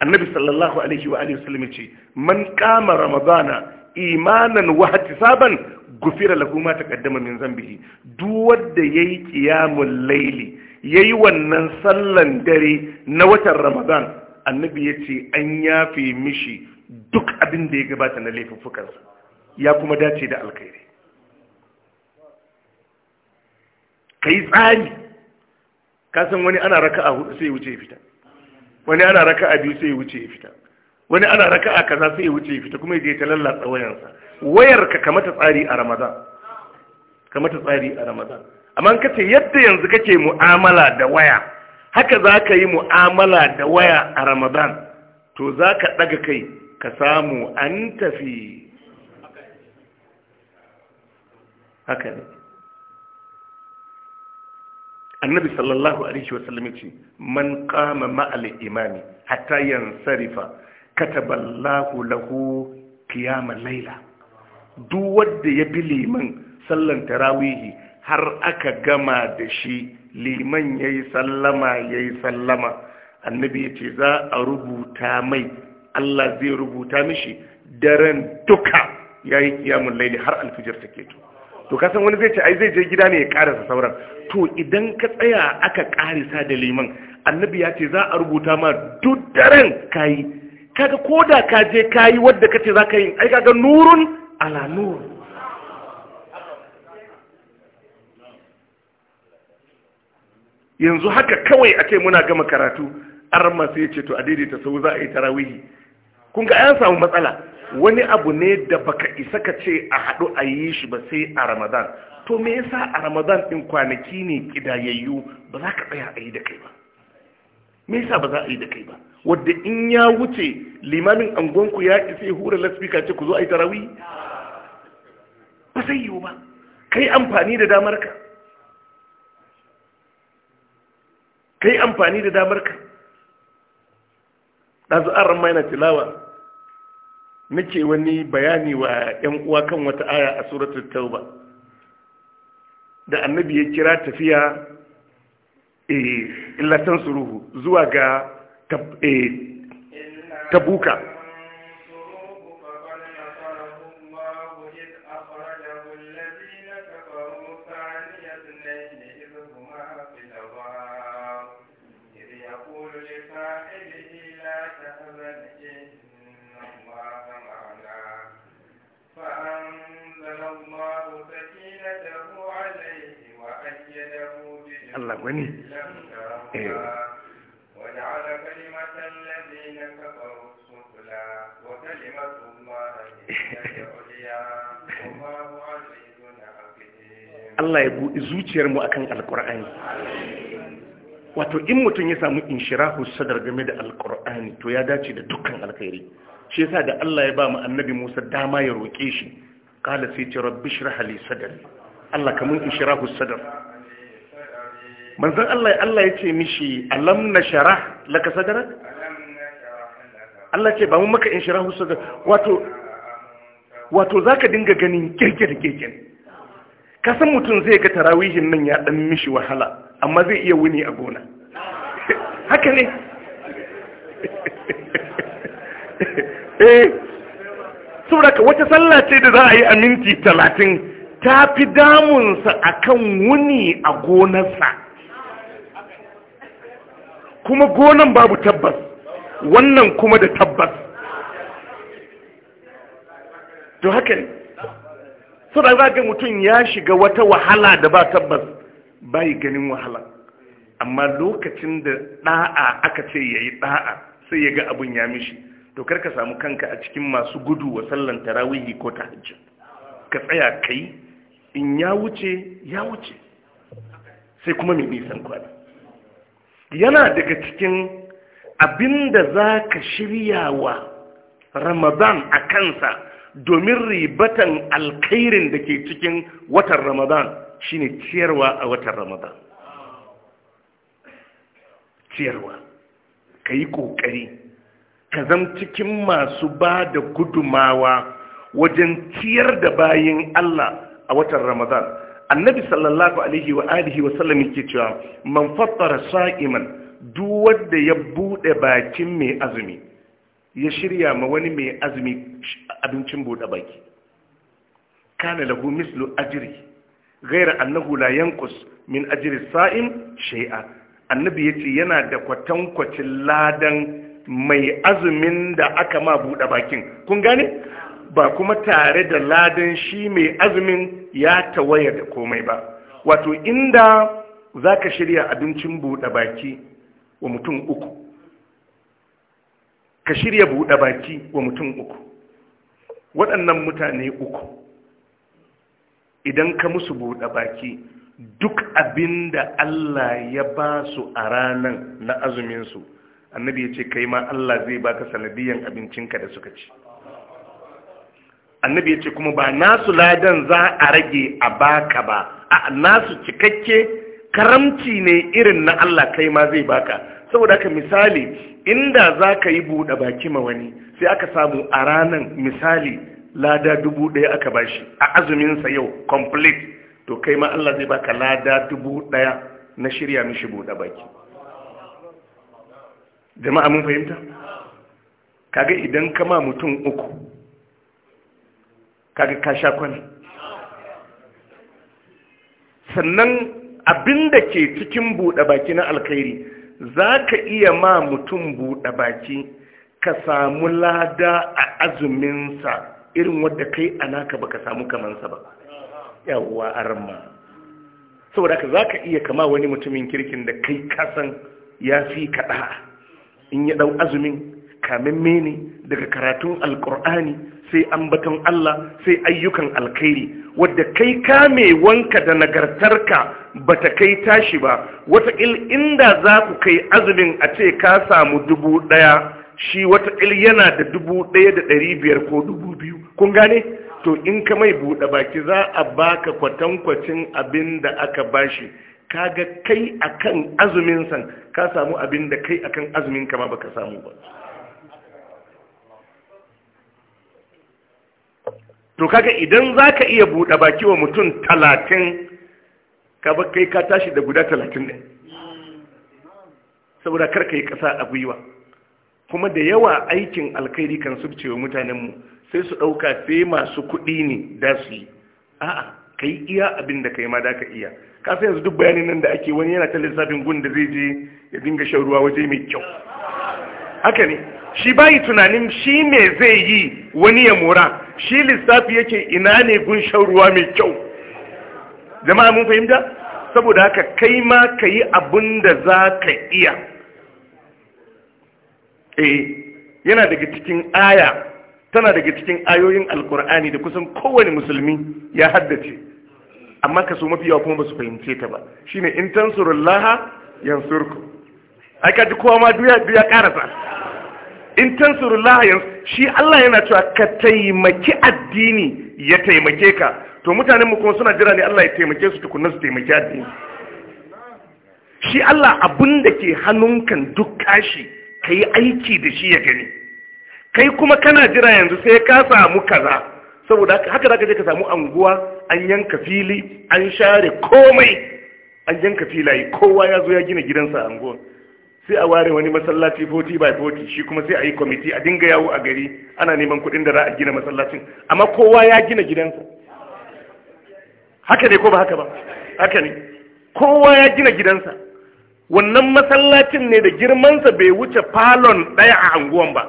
annabi sallallahu alaihi wa alihi wasallam ce man kama ramadana imanan wa ihtisaban gufira lahu ma taqaddama min zambihi duk wanda yayi qiyamul layli ya yi wannan sallan dare na watan ramadan annabi ya ce an yafe mishi duk abin da ya gabata na laifuffukansa ya kuma dace da alkhairi ka yi tsari kasan wani ana raka a hudu sai wuce ya fita wani ana raka a biyu sai wuce ya fita wani ana raka a kaza sai wuce ya fita kuma ya je ta lallatsa wayarsa. wayarka kamata tsari a ramadan kamata tsari a ramadan amma ka ce yadda yanzu kake mu'amala da waya haka za ka yi mu'amala da waya a ramadan to za ka ɗaga kai ka samu an tafi haka ne annabi sallallahu alaihi wasallam ce man qama ma'al imami hatta yansarifa kataballahu lahu qiyama layla duk wanda ya bi liman sallan tarawihi har aka gama da shi liman ya yi sallama ya yi sallama annabi ya ce za a rubuta mai Allah zai rubuta mishi daren duka ya yi kiyamun laili har alfijir take to to kasan wani zai ce ai zai je gida ne ya karasa sauran to idan ka tsaya aka karisa da liman annabi ya ce za a rubuta ma duk daren kayi kaga koda ka je kayi wadda kace za ka yi ai kaga nurun ala nur yanzu haka kawai a ce muna gama karatu arma sai ce to a daidaita sau za a yi tarawihi kun ga an samu matsala wani abu ne da baka isa ka ce a haɗu a yi shi ba sai a ramadan to me yasa a ramadan ɗin kwanaki ne ƙidayayyu ba za ka tsaya a yi da kai ba me yasa ba za a yi da kai ba wadda in ya wuce limamin angonku ya isa hura laspika ce ku zo a yi tarawihi? ba sai yiwu ba kai amfani da damar ka ka yi amfani da damar ka ɗazu an ramma tilawa nake wani bayani wa 'yan uwa kan wata aya a suratul tauba da annabi ya kira tafiya eh, illatan suruhu zuwa ga eh, tabuka Allah gwani eh. Allah ya الذين كفروا السفلى وكلمة zuciyar mu akan alqur'ani wato in mutum ya samu inshirahu sadar game da Alƙur'ani to ya dace da dukkan alkhairi shi yasa da Allah ya ba mu annabi Musa dama ya roke shi qala sai ce rabbi shrah li sadri Allah kamun inshirahu sadar manzan Allah Allah ya ce mishi alam nasharah laka sadara? Allah ce ba mu maka in husu da, wato wato zaka dinga ganin kirkir kirkir ka san mutum zai ga tarawihin nan ya dan mishi wahala amma zai iya wuni a gona haka ne eh saboda wata sallah ce da za a yi a minti talatin ta fi damunsa a kan wuni a gonarsa kuma gonan babu tabbas wannan kuma da tabbas to haka ne so da za ga mutum ya shiga wata wahala da ba tabbas bai ganin wahala amma lokacin da ɗa'a aka ce ya yi ɗa'a sai ya ga abin ya mishi to kar ka samu kanka a cikin masu gudu wa sallan tarawihi ko tahajjud ka tsaya kai in ya wuce ya wuce sai kuma mai nisan kwana yana daga cikin abin da za ka shirya wa ramadan a kansa domin ribatan alkhairin da ke cikin watan ramadan shine ciyarwa a watan ramadan ciyarwa ka yi ƙoƙari ka zam cikin masu ba da gudumawa wajen ciyar da bayin allah a watan ramadan annabi sallallahu alaihi wa alihi wa sallam yake cewa man fattara sa'iman duk wanda ya bude bakin mai azumi ya shirya ma wani mai azumi abincin bude baki kana lahu mislu ajri ghayra annahu la yanqus min ajri sa'im shay'a annabi yace yana da kwatankwacin ladan mai azumin da aka ma bude bakin kun gane ba kuma tare da ladan shi mai azumin ya tawaya da komai ba wato inda za ka shirya abincin buɗe baki wa mutum uku ka shirya buɗe baki wa mutum uku waɗannan mutane uku idan ka musu buɗe baki duk abin da Allah ya ba su a ranar na azuminsu annabi ya ce kai ma Allah zai baka sanadiyan abincinka da suka ci annabi ya ce kuma ba nasu ladan za a rage a baka ba a nasu cikakke karamci ne irin na Allah kai ma zai baka saboda haka misali inda za ka yi buɗe baki ma wani sai aka samu a ranan misali lada dubu ɗaya aka ba shi a azuminsa yau complete to kai ma Allah zai baka lada dubu ɗaya na shirya mishi buɗe baki jama'a mun fahimta kaga idan kama mutum uku kaga ka sha kwani? sannan da ke cikin buɗe baki na alkhairi za ka iya ma mutum buɗe baki ka samu lada a azuminsa irin wadda kai a naka ba ka samu kamansa ba yawwa arma saboda ka za ka iya kama wani mutumin kirkin da kai kasan ya fi kaɗa in ya ɗau azumin kamin ne daga karatun alkur'ani sai ambaton Allah sai ayyukan alkhairi wadda kai kame wanka da nagartarka bata kai tashi ba wataƙil inda za ku kai azumin a ce ka samu dubu ɗaya shi wataƙil yana da dubu ɗaya da ɗari biyar ko dubu biyu kun gane to in ka mai buɗe baki za a baka kwatankwacin abin da aka bashi ka ga kai akan azumin san ka samu abin da kai akan azumin kama baka samu ba to kaga idan za ka iya buɗe baki wa mutum talatin ka kai ka tashi da guda talatin ne saboda ka yi ƙasa a gwiwa kuma da yawa aikin alkhairi kan subce wa mutanenmu sai su ɗauka sai masu kuɗi ne da su yi a'a ka yi iya abin da yi ma da ka iya ka sai yanzu duk bayanin nan da ake wani yana ta lissafin gun da zai je ya dinga shan ruwa waje mai kyau haka ne shi bayi tunanin shi me zai yi wani ya mora shi lissafi yake ina ne gun shan ruwa mai kyau jama'a mun fahimta saboda haka kai ma ka yi abin da za ka iya eh yana daga cikin aya tana daga cikin ayoyin alkur'ani da kusan kowane musulmi ya haddace amma ka so mafi yawa kuma ba su fahimce ta ba ne, in tansurullaha yansurku ai ji kowa ma duya duya karasa in tansurullah shi Allah yana cewa ka taimaki addini ya taimake ka to mutanen mu kuma suna jira ne Allah ya taimake su tukunna su taimaki addini shi Allah abun da ke hannunkan duk kashi ka yi aiki da shi ya gani kai kuma kana jira yanzu sai ka samu kaza saboda haka za ka je ka samu anguwa an yanka fili an share komai an yanka filaye kowa ya zo ya gina gidansa a anguwa sai a ware wani masallaci 40 by 40 shi kuma sai a yi kwamiti a dinga yawo a gari ana neman kuɗin da za a gina masallacin amma kowa ya gina gidansa haka ne ko ba haka ba haka ne kowa ya gina gidansa wannan masallacin ne da girmansa bai wuce falon ɗaya a anguwan ba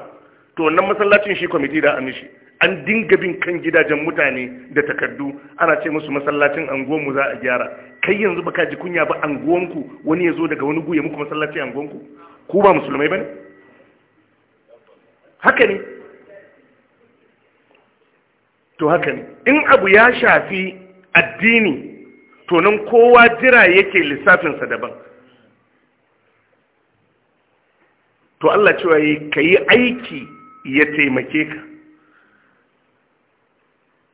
to wannan masallacin shi kwamiti da an mishi an dinga bin kan gidajen mutane da takardu ana ce musu masallacin anguwanmu za a gyara kai yanzu baka ji kunya ba anguwanku wani ya zo daga wani guye muku masallacin anguwanku ku ba musulmai ba ne haka ne to haka ne in abu ya shafi addini to nan kowa jira yake lissafinsa daban to Allah cewa ka yi aiki ya taimake ka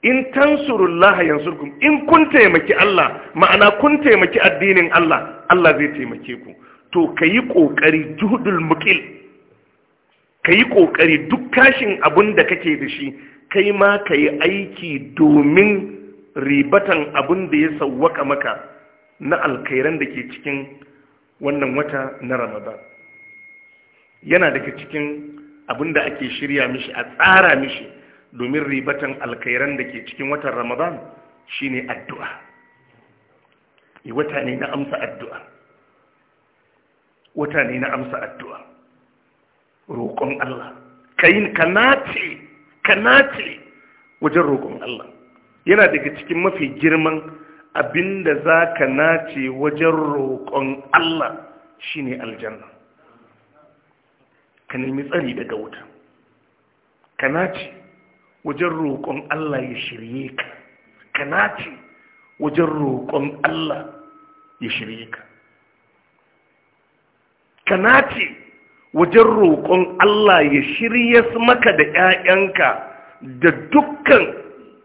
in tansurullah yansurkum in kun taimaki Allah ma'ana kun taimaki addinin Allah Allah zai taimake ku to kayi kokari juhudul muqil kayi kokari duk kashin abun da kake da shi kai ma kayi aiki domin ribatan abun da ya sawwaka maka na alkhairan da ke cikin wannan wata na Ramadan yana daga cikin abun da ake shirya mishi a tsara mishi domin ribatan alkairan da ke cikin watan ramadan shine addu'a wata ne na amsa addu'a wata ne na amsa addu'a roƙon Allah kayin kanace kanace wajen roƙon Allah yana daga cikin mafi girman abinda za ka nace wajen roƙon Allah shine aljanna ka nemi tsari daga wuta ka nace wajen roƙon Allah ya shirye ka ka nace wajen roƙon Allah ya shirye ka ka nace wajen roƙon Allah ya shirye maka da 'ya'yanka da dukkan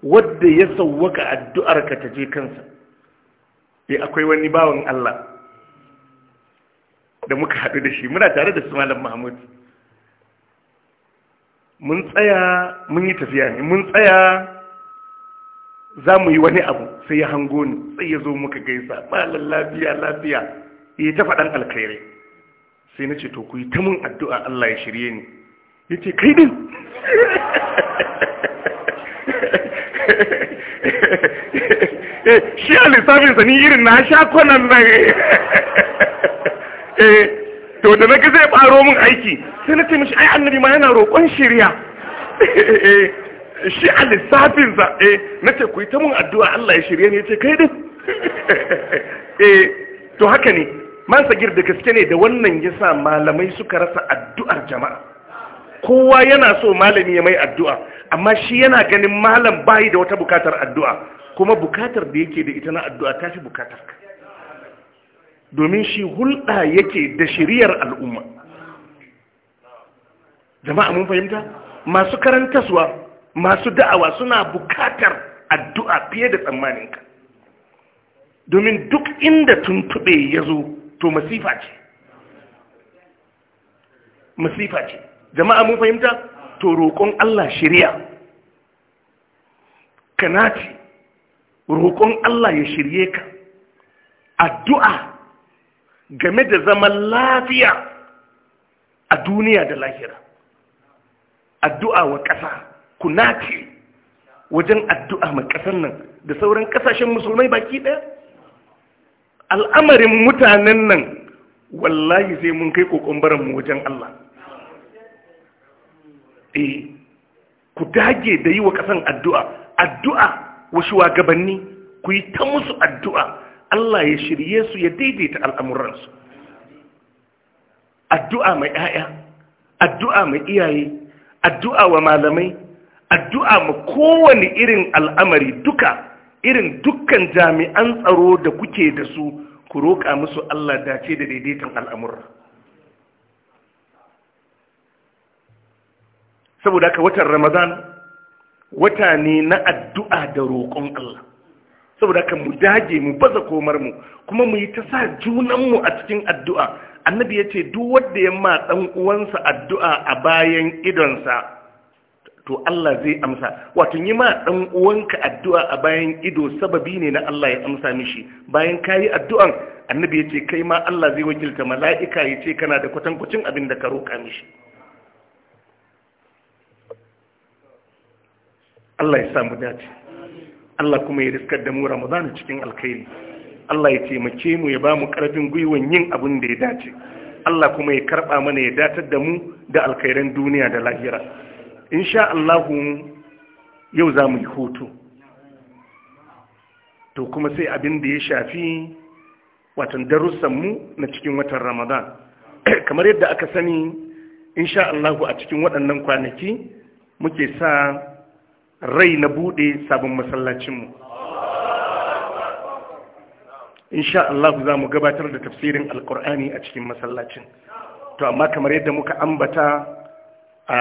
wadda ya sauwaka addu'arka ta je kansa eh akwai wani bawan Allah da muka haɗu da shi muna tare da su malam Mahmud mun tsaya mun yi tafiya ne mun tsaya za mu yi wani abu sai ya hango ni sai ya zo muka gaisa ba lafiya lafiya ya ta faɗan alkhairai sai na ce to ku yi ta mun addu'a Allah ya shirye ni ya ce kai din eh, shi a lissafinsa ni irin na sha kwanan nan eh to da ga zai faro min aiki sai na ce mishi ai annabi ma yana roƙon shirya eh, shi a lissafin sa eh ce ku yi ta mun addu'a Allah ya shirye ne ce kai din eh to haka ne man sagir da gaske ne da wannan yasa malamai suka rasa addu'ar jama'a kowa yana so malami ya mai addu'a amma shi yana ganin malam bai da wata bukatar addu'a kuma bukatar da yake da ita na addu'a ta fi bukatar ka domin shi hulɗa yake da shiriyar al'umma jama'a mun fahimta masu karantaswa masu da'awa suna bukatar addu'a fiye da tsammaninka domin duk inda tuntuɓe ya zo to masifa ce masifa ce jama'a mun fahimta to roƙon Allah shirya ka naci roƙon Allah ya shirye ka addu'a game da zaman lafiya a duniya da lahira addu'a wa ƙasa ku nace wajen addu'a mai ƙasar nan da sauran ƙasashen musulmai baki ɗaya al'amarin mutanen nan wallahi sai mun kai ƙoƙon wajen Allah eh ku dage da yi wa ƙasan addu'a addu'a wa shugabanni ku yi ta musu addu'a Allah ya shirye su ya daidaita al'amuransu addu'a mai ‘ya'ya addu'a mai iyaye addu'a wa malamai addu'a ma kowane irin al'amari duka irin dukkan jami'an tsaro da kuke da su ku roƙa musu Allah dace da daidaitan al'amura saboda ka watan ramazan wata ne na addu'a da roƙon Allah saboda kan mu dage mu baza komar mu kuma mu yi ta sa junanmu a cikin addu'a annabi ya ce duk wanda ya ma dan uwansa addu'a a bayan idonsa to Allah zai amsa wato yi ma dan uwanka addu'a a bayan ido sababi ne na Allah ya amsa mishi bayan kayi addu'an annabi ya ce kai ma Allah zai wakilta mala'ika ya ce kana da kwatankwacin abin da ka roƙa mishi Allah ya samu dace Allah kuma ya riskar da mu Ramadan cikin alkhairi Allah ya taimake mu ya ba mu karfin gwiwan yin abin da ya dace Allah kuma ya karba mana ya datar da mu da alkhairan duniya da lahira insha Allah yau za mu yi hutu to kuma sai abin da ya shafi watan darussan mu na cikin watan ramadan kamar yadda aka sani insha Allah a cikin waɗannan kwanaki muke sa rai na buɗe sabon masallacinmu insha Allah za mu gabatar da tafsirin alkur'ani a cikin masallacin to amma kamar yadda muka ambata a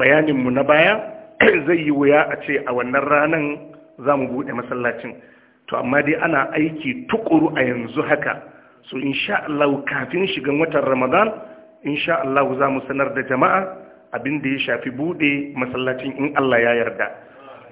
bayaninmu na baya zai yi wuya a ce a wannan ranan za mu buɗe masallacin to amma dai ana aiki tukuru a yanzu haka so insha Allah kafin shigan watan ramadan insha Allah za mu sanar da jama'a abin da ya shafi bude masallacin in Allah ya yarda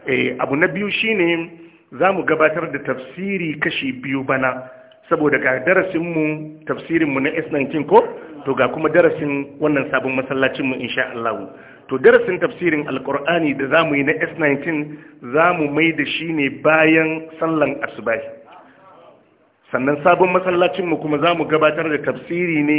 eh abu na biyu shine zamu gabatar da tafsiri kashi biyu bana saboda ga darasin mu tafsirin mu na S19 ko to ga kuma darasin wannan sabon masallacin mu insha Allah to darasin tafsirin alqur'ani da zamu yi na S19 zamu mai da shi ne bayan sallan asubahi sannan sabon masallacin mu kuma za mu gabatar da tafsiri ne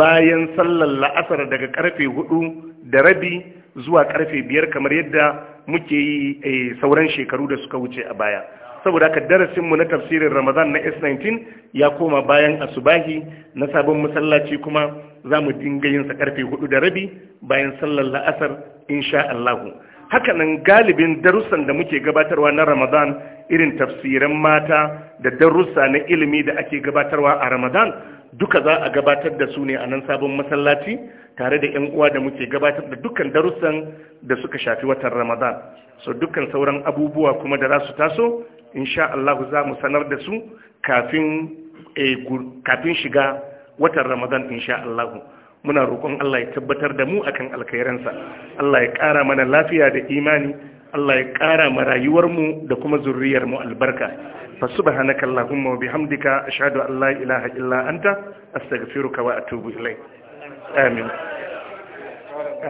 bayan sallar la'asar daga karfe hudu da rabi zuwa karfe biyar kamar yadda muke yi eh, sauran shekaru da suka wuce a baya saboda haka darasinmu na tafsirin ramadan na s19 ya koma bayan asubahi na sabon masallaci kuma za mu dinga yinsa karfe hudu da rabi bayan sallar la'asar insha allahu hakanan galibin darussan da muke gabatarwa na ramadan irin tafsiran mata da darussa na ilimi da ake gabatarwa a ramadan duka za a gabatar da su ne a nan sabon masallaci tare da 'yan uwa da muke gabatar da dukkan darussan da suka shafi watan ramadan so dukkan sauran abubuwa kuma da za su taso insha Allah za mu sanar da su kafin eh, shiga watan ramadan insha Allah muna roƙon Allah ya tabbatar da mu akan alkhairansa Allah ya ƙara mana lafiya da imani Allah ya ƙara ma rayuwarmu da kuma zurriyarmu albarka fa subhanakallahumma wa bihamdika ashhadu an la ilaha illa anta astaghfiruka wa atubu ilayk Amém. É